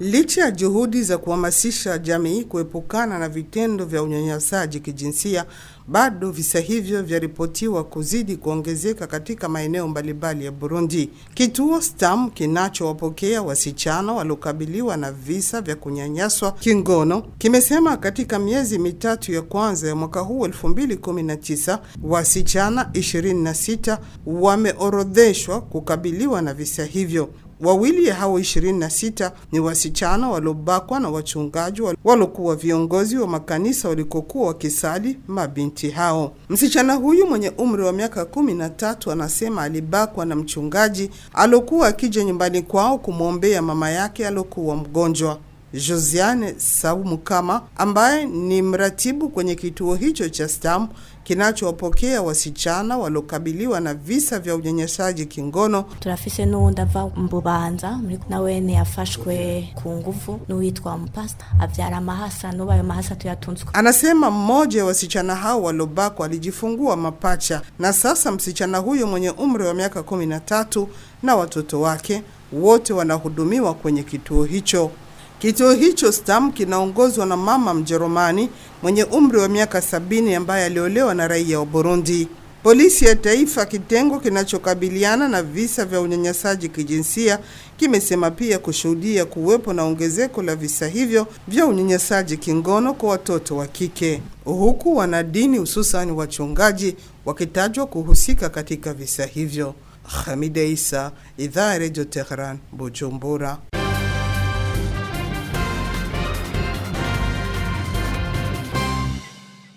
Licha ya juhudi za kuhamasisha jamii kuepukana na vitendo vya unyanyasaji kijinsia, bado visa hivyo vyaripotiwa kuzidi kuongezeka katika maeneo mbalimbali ya Burundi. Kituo STAM kinachowapokea wasichana waliokabiliwa na visa vya kunyanyaswa kingono kimesema katika miezi mitatu ya kwanza ya mwaka huu 2019 wasichana 26 wameorodheshwa kukabiliwa na visa hivyo. Wawili ya hao 26 ni wasichana waliobakwa na wachungaji waliokuwa viongozi wa makanisa walikokuwa wakisali mabinti hao. Msichana huyu mwenye umri wa miaka kumi na tatu anasema alibakwa na mchungaji aliokuwa akija nyumbani kwao kumwombea mama yake aliokuwa mgonjwa. Josiane Sabu Mukama ambaye ni mratibu kwenye kituo hicho cha stam kinachowapokea wasichana waliokabiliwa na visa vya unyanyasaji kingono. turafise n'uwundi ava mbubanza nawene yafashwe ku nguvu n'uwitwa mpasta avyara mahasa n'ubu ayo mahasa tuyatunzwa. Anasema mmoja ya wasichana hao waliobakwa alijifungua mapacha, na sasa msichana huyo mwenye umri wa miaka kumi na tatu na watoto wake wote wanahudumiwa kwenye kituo hicho. Kituo hicho STAM kinaongozwa na mama Mjerumani mwenye umri wa miaka sabini ambaye aliolewa na raia wa Burundi. Polisi ya Taifa, kitengo kinachokabiliana na visa vya unyanyasaji kijinsia, kimesema pia kushuhudia kuwepo na ongezeko la visa hivyo vya unyanyasaji kingono kwa watoto wa kike, huku wanadini hususani wachungaji wakitajwa kuhusika katika visa hivyo. Hamida Isa, Idhaa ya Redio Tehran, Bujumbura.